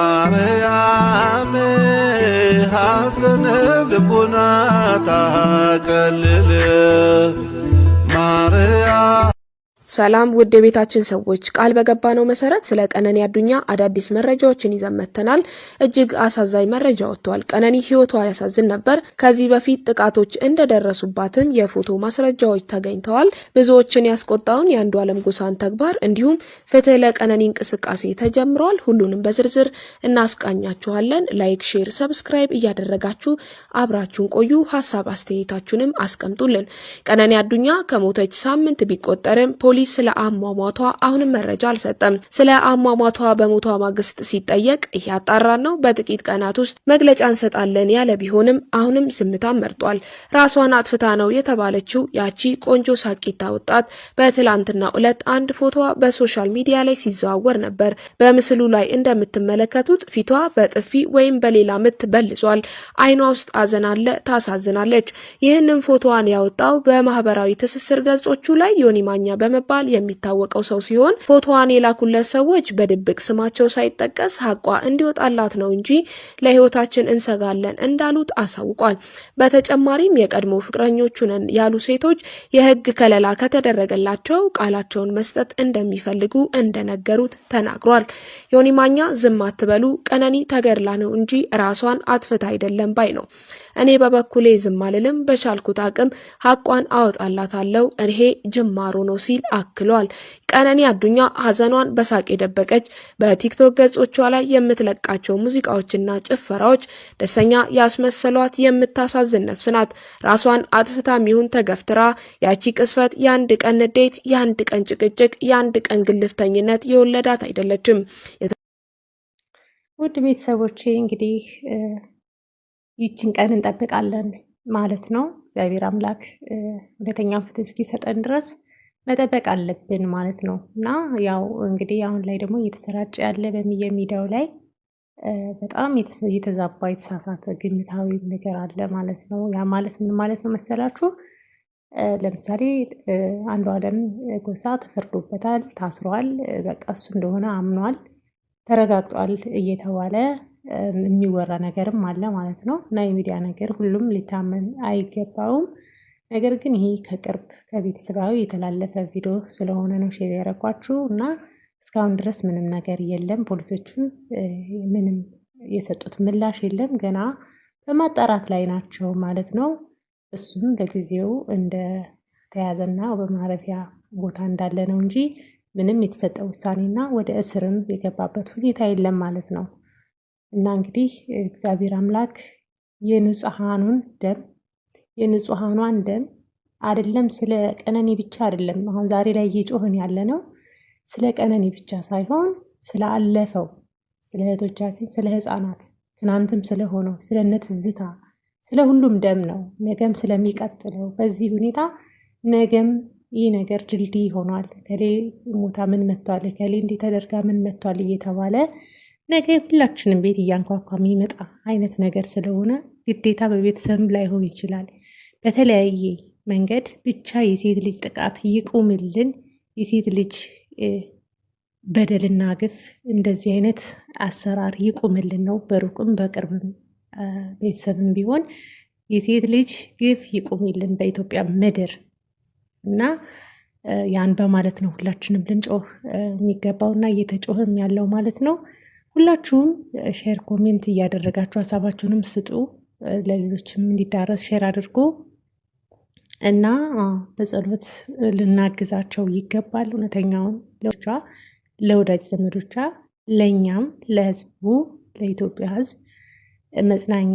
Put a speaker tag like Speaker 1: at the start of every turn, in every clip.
Speaker 1: ማርያም ሐዘን ልቡና ታቀልል ማርያም ሰላም ውድ የቤታችን ሰዎች፣ ቃል በገባነው መሰረት ስለ ቀነኒ አዱኛ አዳዲስ መረጃዎችን ይዘን መጥተናል። እጅግ አሳዛኝ መረጃ ወጥቷል። ቀነኒ ሕይወቷ ያሳዝን ነበር። ከዚህ በፊት ጥቃቶች እንደደረሱባትም የፎቶ ማስረጃዎች ተገኝተዋል። ብዙዎችን ያስቆጣውን የአንዱ ዓለም ጎሳን ተግባር እንዲሁም ፍትህ ለቀነኒ እንቅስቃሴ ተጀምሯል። ሁሉንም በዝርዝር እናስቃኛችኋለን። ላይክ፣ ሼር፣ ሰብስክራይብ እያደረጋችሁ አብራችሁን ቆዩ። ሀሳብ አስተያየታችሁንም አስቀምጡልን። ቀነኒ አዱኛ ከሞተች ሳምንት ቢቆጠርም ፖሊስ ፖሊስ ስለ አሟሟቷ አሁንም መረጃ አልሰጠም። ስለ አሟሟቷ በሞቷ ማግስት ሲጠየቅ እያጣራን ነው፣ በጥቂት ቀናት ውስጥ መግለጫ እንሰጣለን ያለ ቢሆንም አሁንም ዝምታን መርጧል። ራሷን አጥፍታ ነው የተባለችው ያቺ ቆንጆ ሳቂታ ወጣት በትላንትና ዕለት አንድ ፎቶዋ በሶሻል ሚዲያ ላይ ሲዘዋወር ነበር። በምስሉ ላይ እንደምትመለከቱት ፊቷ በጥፊ ወይም በሌላ ምት በልጿል። አይኗ ውስጥ አዘን አለ። ታሳዝናለች። ይህንን ፎቶዋን ያወጣው በማህበራዊ ትስስር ገጾቹ ላይ ዮኒ ማኛ በመ በመባል የሚታወቀው ሰው ሲሆን ፎቶዋን የላኩለት ሰዎች በድብቅ ስማቸው ሳይጠቀስ ሀቋ እንዲወጣላት ነው እንጂ ለህይወታችን እንሰጋለን እንዳሉት አሳውቋል። በተጨማሪም የቀድሞ ፍቅረኞቹ ነን ያሉ ሴቶች የህግ ከለላ ከተደረገላቸው ቃላቸውን መስጠት እንደሚፈልጉ እንደነገሩት ተናግሯል። ዮኒ ማኛ ዝም አትበሉ፣ ቀነኒ ተገድላ ነው እንጂ ራሷን አጥፍታ አይደለም ባይ ነው። እኔ በበኩሌ ዝም አልልም፣ በቻልኩት አቅም ሀቋን አወጣላታለሁ፣ እኔ ጅማሮ ነው ሲል አክሏል። ቀነኒ አዱኛ ሀዘኗን በሳቅ የደበቀች በቲክቶክ ገጾቿ ላይ የምትለቃቸው ሙዚቃዎችና ጭፈራዎች ደስተኛ ያስመሰሏት የምታሳዝን ነፍስ ናት። ራሷን አጥፍታ ሚሁን ተገፍትራ ያቺ ቅስፈት የአንድ ቀን ንዴት፣ የአንድ ቀን ጭቅጭቅ፣ የአንድ ቀን ግልፍተኝነት የወለዳት አይደለችም። ውድ ቤተሰቦቼ እንግዲህ ይችን ቀን እንጠብቃለን ማለት ነው። እግዚአብሔር አምላክ እውነተኛውን ፍትህ እስኪሰጠን ድረስ መጠበቅ አለብን ማለት ነው። እና ያው እንግዲህ አሁን ላይ ደግሞ እየተሰራጨ ያለ ሚዲያው ላይ በጣም የተዛባ የተሳሳተ ግምታዊ ነገር አለ ማለት ነው። ያ ማለት ምን ማለት ነው መሰላችሁ? ለምሳሌ አንዱ አለም ጎሳ ተፈርዶበታል፣ ታስሯል፣ በቃ እሱ እንደሆነ አምኗል፣ ተረጋግጧል እየተባለ የሚወራ ነገርም አለ ማለት ነው። እና የሚዲያ ነገር ሁሉም ሊታመን አይገባውም። ነገር ግን ይሄ ከቅርብ ከቤተሰባዊ የተላለፈ ቪዲዮ ስለሆነ ነው ሼር ያደረኳችሁ እና እስካሁን ድረስ ምንም ነገር የለም። ፖሊሶችም ምንም የሰጡት ምላሽ የለም። ገና በማጣራት ላይ ናቸው ማለት ነው። እሱም ለጊዜው እንደተያዘና በማረፊያ ቦታ እንዳለ ነው እንጂ ምንም የተሰጠ ውሳኔና ወደ እስርም የገባበት ሁኔታ የለም ማለት ነው እና እንግዲህ እግዚአብሔር አምላክ የንጹሐኑን ደም የንጹሐኗን ደም አይደለም ስለ ቀነኒ ብቻ አይደለም አሁን ዛሬ ላይ እየጮህን ያለ ነው። ስለ ቀነኔ ብቻ ሳይሆን ስለ አለፈው፣ ስለ እህቶቻችን፣ ስለ ህፃናት፣ ትናንትም ስለሆነው፣ ስለ እነ ስለ ሁሉም ደም ነው። ነገም ስለሚቀጥለው በዚህ ሁኔታ ነገም ይህ ነገር ድልድይ ሆኗል። ከሌ ሞታ ምን መቷል፣ ከሌ እንዲህ ተደርጋ ምን መቷል እየተባለ ነገ ሁላችንም ቤት እያንኳኳ የሚመጣ አይነት ነገር ስለሆነ ግዴታ በቤተሰብም ላይሆን ይችላል። በተለያየ መንገድ ብቻ የሴት ልጅ ጥቃት ይቁምልን። የሴት ልጅ በደልና ግፍ እንደዚህ አይነት አሰራር ይቁምልን ነው። በሩቅም በቅርብም ቤተሰብም ቢሆን የሴት ልጅ ግፍ ይቁምልን በኢትዮጵያ ምድር እና ያን በማለት ነው ሁላችንም ልንጮህ የሚገባው እና እየተጮህም ያለው ማለት ነው። ሁላችሁም ሼር ኮሜንት እያደረጋችሁ ሀሳባችሁንም ስጡ። ለሌሎችም እንዲዳረስ ሼር አድርጎ እና በጸሎት ልናግዛቸው ይገባል። እውነተኛውን ለቻ ለወዳጅ ዘመዶቿ፣ ለእኛም፣ ለህዝቡ፣ ለኢትዮጵያ ህዝብ መጽናኛ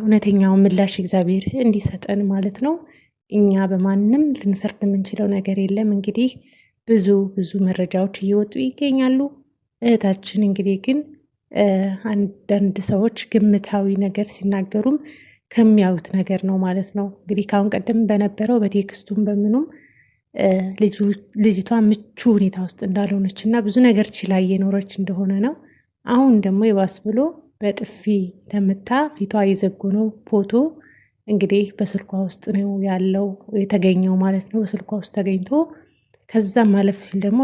Speaker 1: እውነተኛውን ምላሽ እግዚአብሔር እንዲሰጠን ማለት ነው። እኛ በማንም ልንፈርድ የምንችለው ነገር የለም። እንግዲህ ብዙ ብዙ መረጃዎች እየወጡ ይገኛሉ። እህታችን እንግዲህ ግን አንዳንድ ሰዎች ግምታዊ ነገር ሲናገሩም ከሚያዩት ነገር ነው ማለት ነው። እንግዲህ ከአሁን ቀደም በነበረው በቴክስቱም በምኑም ልጅቷ ምቹ ሁኔታ ውስጥ እንዳልሆነች እና ብዙ ነገር ችላ እየኖረች እንደሆነ ነው። አሁን ደግሞ የባስ ብሎ በጥፊ ተመታ፣ ፊቷ ነው ፎቶ እንግዲህ በስልኳ ውስጥ ነው ያለው የተገኘው ማለት ነው። በስልኳ ውስጥ ተገኝቶ ከዛም ማለፍ ሲል ደግሞ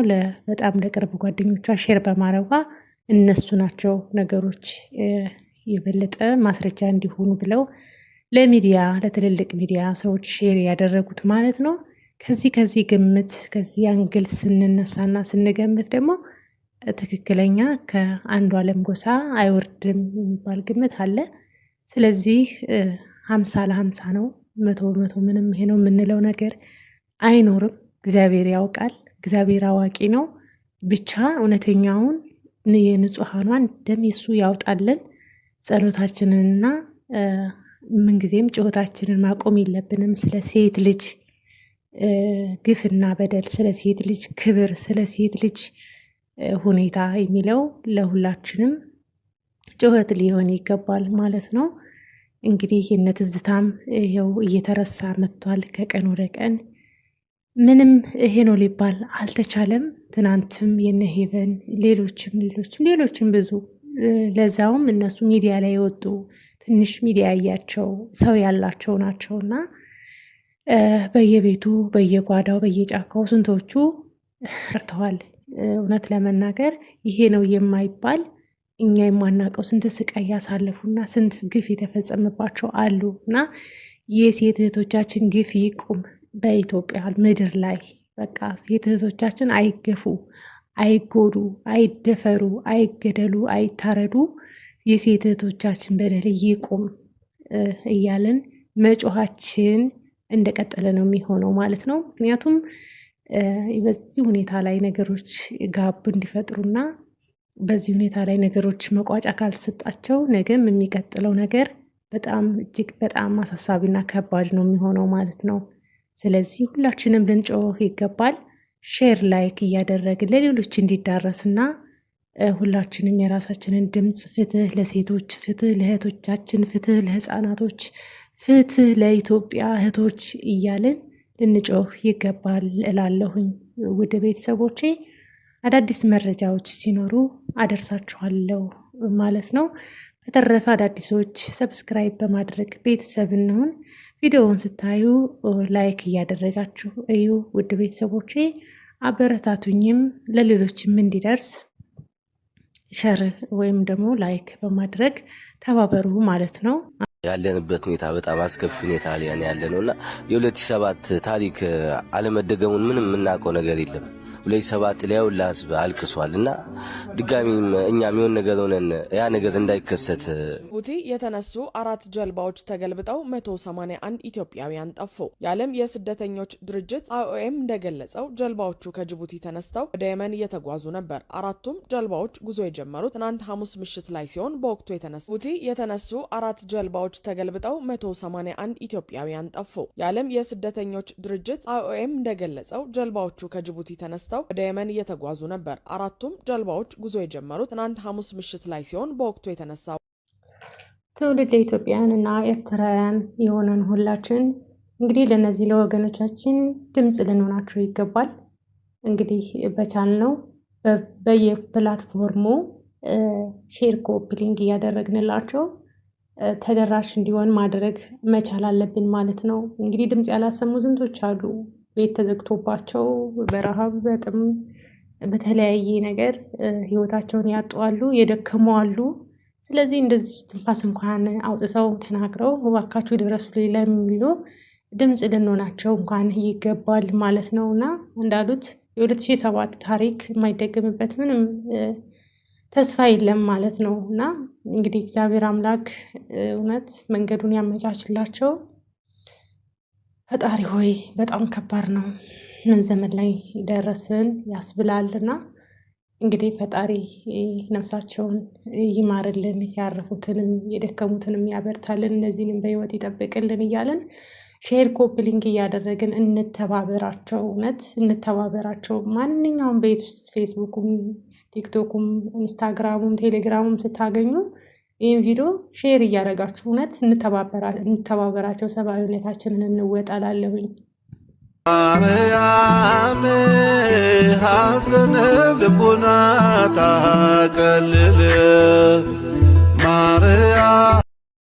Speaker 1: በጣም ለቅርብ ጓደኞቿ ሼር በማረጓ እነሱ ናቸው ነገሮች የበለጠ ማስረጃ እንዲሆኑ ብለው ለሚዲያ ለትልልቅ ሚዲያ ሰዎች ሼር ያደረጉት ማለት ነው። ከዚህ ከዚህ ግምት ከዚህ አንግል ስንነሳና ስንገምት ደግሞ ትክክለኛ ከአንዱ አለም ጎሳ አይወርድም የሚባል ግምት አለ። ስለዚህ ሀምሳ ለሀምሳ ነው፣ መቶ በመቶ ምንም ይሄ ነው የምንለው ነገር አይኖርም። እግዚአብሔር ያውቃል፣ እግዚአብሔር አዋቂ ነው። ብቻ እውነተኛውን የንጹሐኗን ደም የሱ ያውጣልን። ጸሎታችንንና ምንጊዜም ጭሆታችንን ማቆም የለብንም። ስለ ሴት ልጅ ግፍና በደል፣ ስለ ሴት ልጅ ክብር፣ ስለ ሴት ልጅ ሁኔታ የሚለው ለሁላችንም ጭሆት ሊሆን ይገባል ማለት ነው። እንግዲህ የነ ይኸው እየተረሳ መጥቷል ከቀን ወደ ቀን። ምንም ይሄ ነው ሊባል አልተቻለም። ትናንትም የነሄበን ሌሎችም ሌሎችም ሌሎችም ብዙ ለዛውም እነሱ ሚዲያ ላይ የወጡ ትንሽ ሚዲያ ያያቸው ሰው ያላቸው ናቸውና በየቤቱ በየጓዳው በየጫካው ስንቶቹ ርተዋል እውነት ለመናገር ይሄ ነው የማይባል እኛ የማናውቀው ስንት ስቃይ ያሳለፉና ስንት ግፍ የተፈጸመባቸው አሉ እና የሴት እህቶቻችን ግፍ ይቁም። በኢትዮጵያ ምድር ላይ በቃ ሴት እህቶቻችን አይገፉ፣ አይጎዱ፣ አይደፈሩ፣ አይገደሉ፣ አይታረዱ፣ የሴት እህቶቻችን በደል ይቁም እያለን መጮኋችን እንደቀጠለ ነው የሚሆነው ማለት ነው። ምክንያቱም በዚህ ሁኔታ ላይ ነገሮች ጋብ እንዲፈጥሩና በዚህ ሁኔታ ላይ ነገሮች መቋጫ ካልተሰጣቸው ነገም የሚቀጥለው ነገር በጣም እጅግ በጣም አሳሳቢና ከባድ ነው የሚሆነው ማለት ነው። ስለዚህ ሁላችንም ልንጮህ ይገባል። ሼር ላይክ እያደረግን ለሌሎች እንዲዳረስና ሁላችንም የራሳችንን ድምፅ ፍትህ ለሴቶች፣ ፍትህ ለእህቶቻችን፣ ፍትህ ለህፃናቶች፣ ፍትህ ለኢትዮጵያ እህቶች እያልን ልንጮህ ይገባል እላለሁኝ። ውድ ቤተሰቦቼ አዳዲስ መረጃዎች ሲኖሩ አደርሳችኋለሁ ማለት ነው። በተረፈ አዳዲሶች ሰብስክራይብ በማድረግ ቤተሰብ ቪዲዮውን ስታዩ ላይክ እያደረጋችሁ እዩ። ውድ ቤተሰቦቼ አበረታቱኝም ለሌሎችም እንዲደርስ ሸር ወይም ደግሞ ላይክ በማድረግ ተባበሩ ማለት ነው። ያለንበት ሁኔታ በጣም አስከፊ ሁኔታ ላይ ያለ ነው እና የሁለት ሺህ ሰባት ታሪክ አለመደገሙን ምንም የምናውቀው ነገር የለም። ሁለት ሺህ ሰባት ላይ ያው ለህዝብ አልቅሷል እና ድጋሚም እኛም የሆን ነገር ሆነን ያ ነገር እንዳይከሰት ቡቲ የተነሱ አራት ጀልባዎች ተገልብጠው 181 ኢትዮጵያውያን ጠፉ። የዓለም የስደተኞች ድርጅት አይኦኤም እንደገለጸው ጀልባዎቹ ከጅቡቲ ተነስተው ወደ የመን እየተጓዙ ነበር። አራቱም ጀልባዎች ጉዞ የጀመሩት ትናንት ሐሙስ ምሽት ላይ ሲሆን በወቅቱ የተነሱ ቡቲ የተነሱ አራት ጀልባዎች መርከቦች ተገልብጠው 181 ኢትዮጵያውያን ጠፉ። የዓለም የስደተኞች ድርጅት አይኦኤም እንደገለጸው ጀልባዎቹ ከጅቡቲ ተነስተው ወደ የመን እየተጓዙ ነበር። አራቱም ጀልባዎች ጉዞ የጀመሩት ትናንት ሐሙስ ምሽት ላይ ሲሆን በወቅቱ የተነሳው። ትውልድ ኢትዮጵያውያን እና ኤርትራውያን የሆነን ሁላችን እንግዲህ ለእነዚህ ለወገኖቻችን ድምፅ ልንሆናቸው ይገባል። እንግዲህ ነው በየፕላትፎርሙ ሼር ኮፕሊንግ እያደረግንላቸው ተደራሽ እንዲሆን ማድረግ መቻል አለብን ማለት ነው። እንግዲህ ድምጽ ያላሰሙ ስንቶች አሉ ቤት ተዘግቶባቸው በረሃብ በጥም በተለያየ ነገር ህይወታቸውን ያጡ አሉ፣ የደከሙ አሉ። ስለዚህ እንደዚህ ትንፋስ እንኳን አውጥተው ተናግረው እባካችሁ ድረሱልኝ ለሚሉ ድምፅ ልንሆናቸው እንኳን ይገባል ማለት ነው እና እንዳሉት የ ሺህ ታሪክ የማይደገምበት ምንም ተስፋ የለም ማለት ነው እና እንግዲህ እግዚአብሔር አምላክ እውነት መንገዱን ያመቻችላቸው። ፈጣሪ ሆይ በጣም ከባድ ነው፣ ምን ዘመን ላይ ደረስን ያስብላልና እንግዲህ ፈጣሪ ነፍሳቸውን ይማርልን፣ ያረፉትንም የደከሙትንም ያበርታልን፣ እነዚህንም በህይወት ይጠብቅልን እያለን ሼር ኮፕሊንግ እያደረግን እንተባበራቸው። እውነት እንተባበራቸው። ማንኛውም ቤት ውስጥ ፌስቡክም ቲክቶኩም ኢንስታግራሙም ቴሌግራሙም ስታገኙ ይህን ቪዲዮ ሼር እያደረጋችሁ እውነት እንተባበራቸው፣ ሰብአዊነታችንን እንወጣላለሁኝ። ማርያም ሐዘንብ ልቡና ታቀልል ማርያም